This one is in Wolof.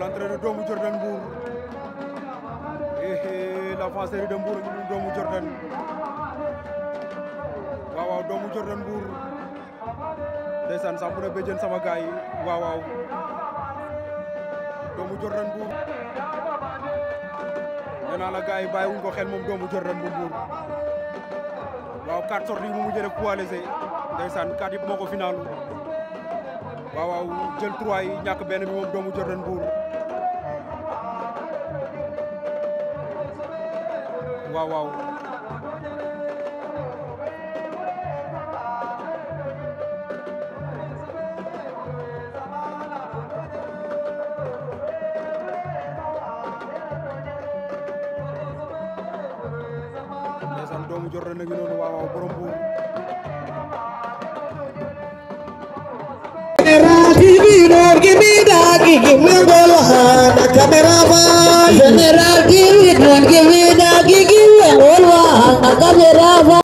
l'entraîneur doomu Jordan Mbour eh la face de Mbour ñu doomu Jordan waaw waaw doomu Jordan Mbour ndeysaan sax mu ne sama gaay waaw waaw doomu Jordan Mbour nee naa la gaay bàyyiwuñ ko xel moom doomu Jordan bu waaw quatre sorties mu mujjee rek poids léger ndeysaan yi yëpp moo ko finalu waaw jël trois yi ñàkk benn bi moom doomu Jordan Mbour waaw waaw ndeysaan doomu Jordan na ngi noonu waaw waaw borom bu General TV अगर मेरा